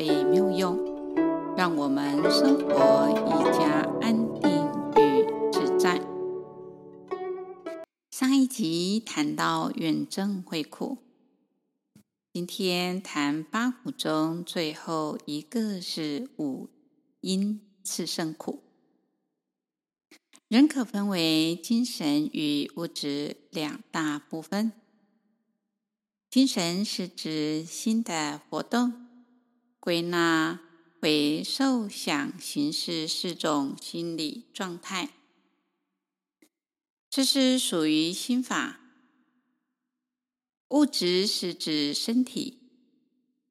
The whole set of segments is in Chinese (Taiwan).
非妙用，讓我們生活愈加安定與自在。上一集談到怨憎會苦，今天談八苦中最後一個是五陰熾盛苦。人可分為精神與物質兩大部分，精神是指心的活動。歸納為受、想、行、識四種心理狀態，這是屬於心法。物質是指身體，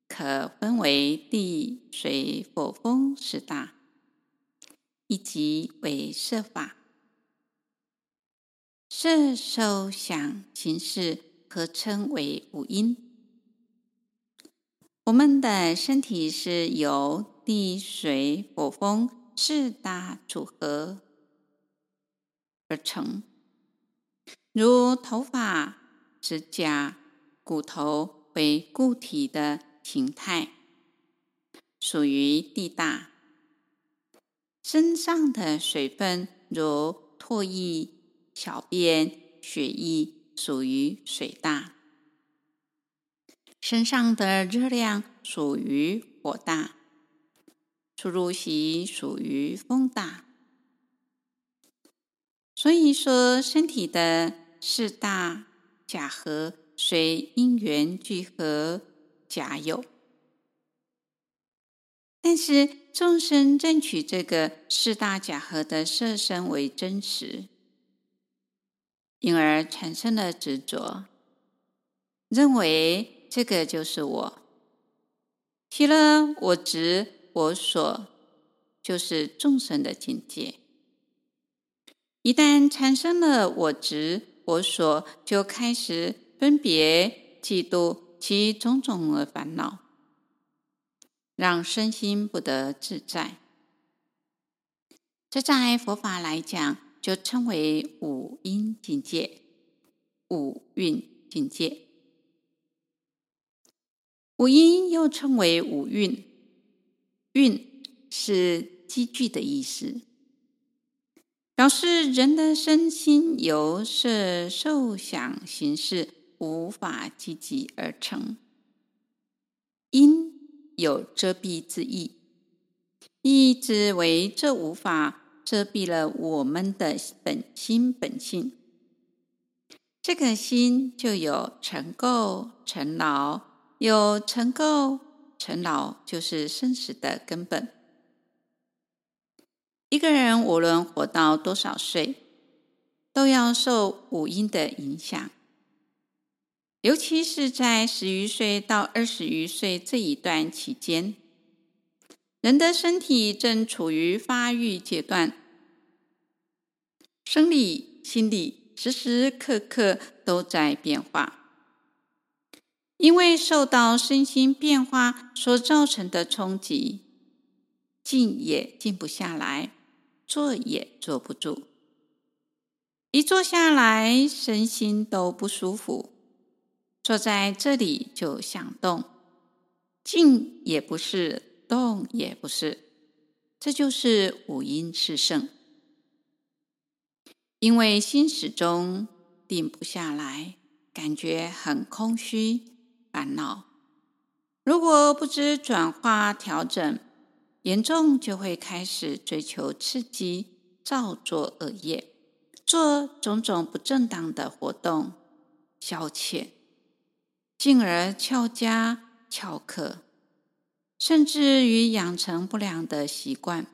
可分為地、水、火、風四大，以及為色法。色、受、想、行、識合稱為五陰。我們的身體是由地、水、火、風四大組合而成。如頭髮、指甲、骨頭為固體的形態，屬於地大；身上的水分，如唾液、小便、血液，屬於水大。身上的熱量屬於火大，出入息屬於風大。所以說，身體的四大假合隨因緣聚合假有，但是眾生認取這個四大假合的色身為真實，因而產生了執着，認為。這個就是我，起了我執我所，就是眾生的境界。一旦產生了我執我所，就開始分別、計度，起種種的煩惱，讓身心不得自在。這在佛法來講，就稱為五陰境界、五蘊境界。五陰又稱為五蘊，蘊是積聚的意思，表示人的身心由色受、想、行、識五法積集而成。陰有遮蔽之意，意指為這五法遮蔽了我們的本心本性，這個心就有塵垢、塵勞。有塵垢、塵勞，就是生死的根本。一個人無論活到多少歲，都要受五陰的影響，尤其是在十餘歲到二十餘歲這一段期間，人的身體正處於發育階段，生理、心理時時刻刻都在變化。因為受到身心變化所造成的衝擊，靜也靜不下來，坐也坐不住。一坐下來，身心都不舒服。坐在這裡就想動，靜也不是，動也不是，這就是五陰熾盛。因為心始終定不下來，感覺很空虛，煩惱，如果不知轉化調整，嚴重就會開始追求刺激，造作惡業，做種種不正當的活動消遣，進而翹家翹課，甚至於養成不良的習慣，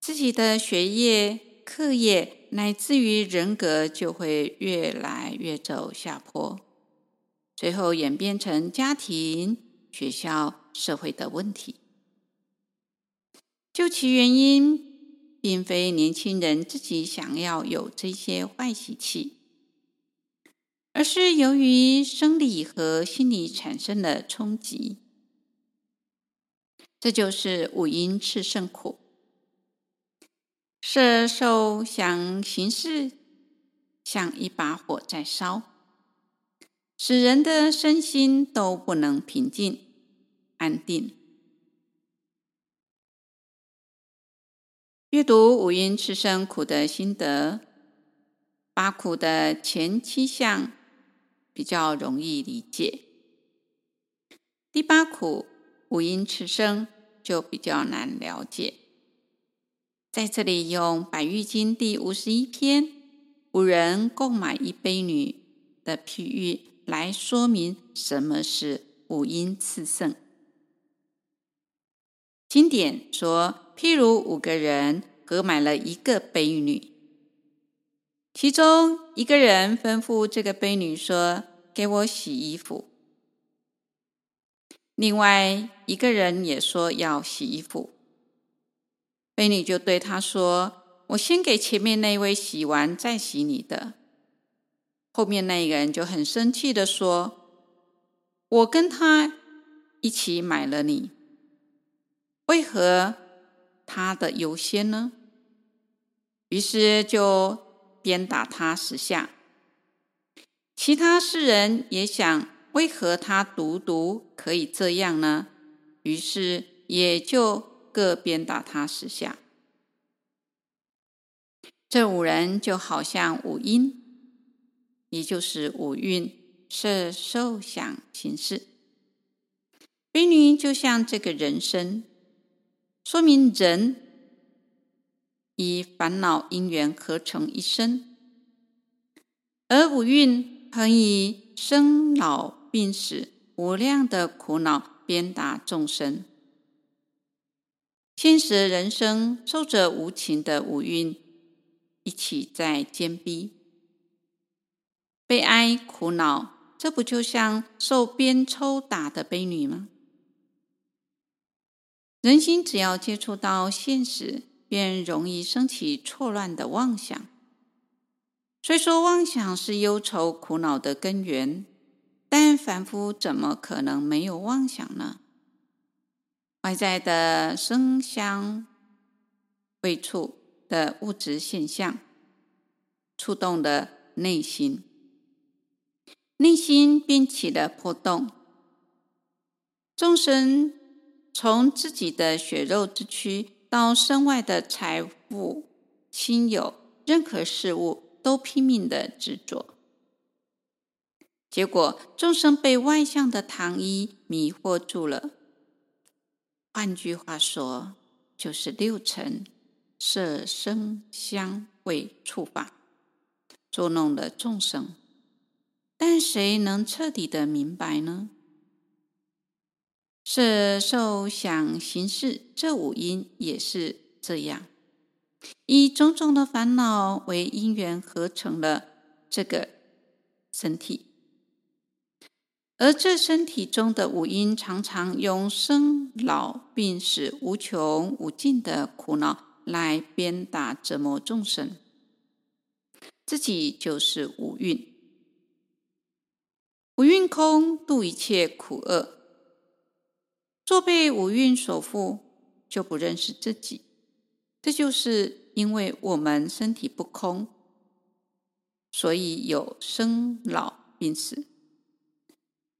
自己的學業、課業乃至於人格，就會越來越走下坡。最後演變成家庭、學校、社會的問題。究其原因，並非年輕人自己想要有這些壞習氣，而是由於生理和心理產生了衝擊。這就是五陰熾盛苦，色受想行識像一把火在燒。使人的身心都不能平靜安定。閱讀五蘊熾盛苦的心得，八苦的前七項比較容易理解，第八苦五蘊熾盛就比較難了解。在這裡用《百喻經》第五十一篇“五人共買一婢女”的譬喻。來說明什麼是五陰熾盛。經典說，譬如五個人合買了一個婢女，其中一個人吩咐這個婢女說：“給我洗衣服。”另外一個人也說要洗衣服，婢女就對他說：“我先給前面那位洗完，再洗你的。”後面那個人就很生氣的說：“我跟他一起買了你，為何他的優先呢？”於是就鞭打他十下。其他四人也想：為何他獨獨可以這樣呢？於是也就各鞭打他十下。這五人就好像五陰。也就是五蘊、色、受、想、行、識，婢女就像這個人身，說明人以煩惱因緣合成一身，而五蘊恆以生老病死無量的苦惱鞭打眾生，現實人生受着無情的五蘊一起在煎逼。悲哀、苦惱，這不就像受鞭抽打的婢女嗎？人心只要接觸到現實，便容易生起錯亂的妄想。雖說妄想是憂愁、苦惱的根源，但凡夫怎麼可能沒有妄想呢？外在的聲、香、味、觸的物質現象，觸動了內心。內心便起了波動，眾生從自己的血肉之軀到身外的財物、親友，任何事物都拼命的執着，結果眾生被外相的糖衣迷惑住了。換句話說，就是六塵色、聲、香、味、觸、法，捉弄了眾生。但誰能徹底的明白呢？色、受、想、行、識這五陰也是這樣，以種種的煩惱為因緣，合成了這個身體。而這身體中的五陰，常常用生、老、病、死、無窮無盡的苦惱來鞭打折磨眾生，自己就是五蘊。五蘊空，度一切苦厄。若被五蘊所縛，就不認識自己。這就是因為我們身體不空，所以有生老病死；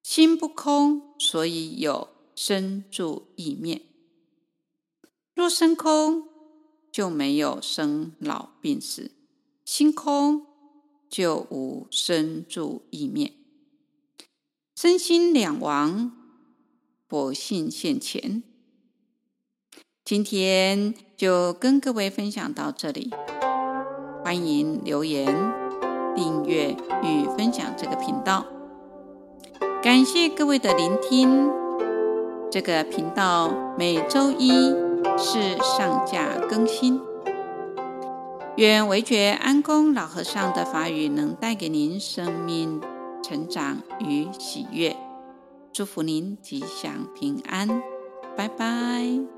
心不空，所以有生住意念。若身空，就沒有生老病死；心空，就無生住意念。身心兩亡，佛性現前。今天就跟各位分享到這裡，歡迎留言、訂閱與分享這個頻道。感謝各位的聆聽。這個頻道每周一是上架更新。願惟覺安公老和尚的法語能帶給您生命成長與喜悅，祝福您吉祥平安，拜拜。